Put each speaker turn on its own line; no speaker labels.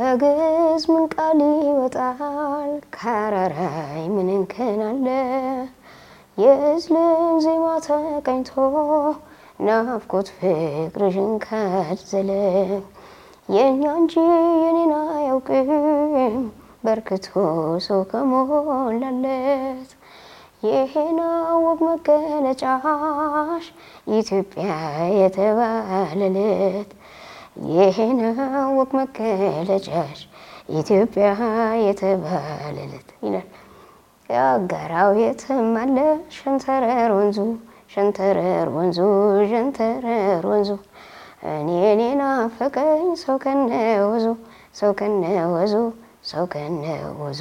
ከግዕዝ ምን ቃል ይወጣል? ከረራይ ምን እንከን አለ? የእዝልን ዜማ ተቀኝቶ ናፍቆት ፍቅርሽን ካዘለ የእኛ እንጂ የኔን አያውቅም በርክቶ ሰው ከሞላለት ይሄና ውብ መገለጫሽ ኢትዮጵያ የተባለለት የናወቅ መገለጫሽ ኢትዮጵያ የተባለለት ይላል። የአጋራው የትም አለ ሸንተረር ወንዙ ሸንተረር ወንዙ ሸንተረር ወንዙ እኔ እኔ ናፈቀኝ ሰው ከነ ወዙ
ሰው ከነ ወዙ ሰው ከነ ወዙ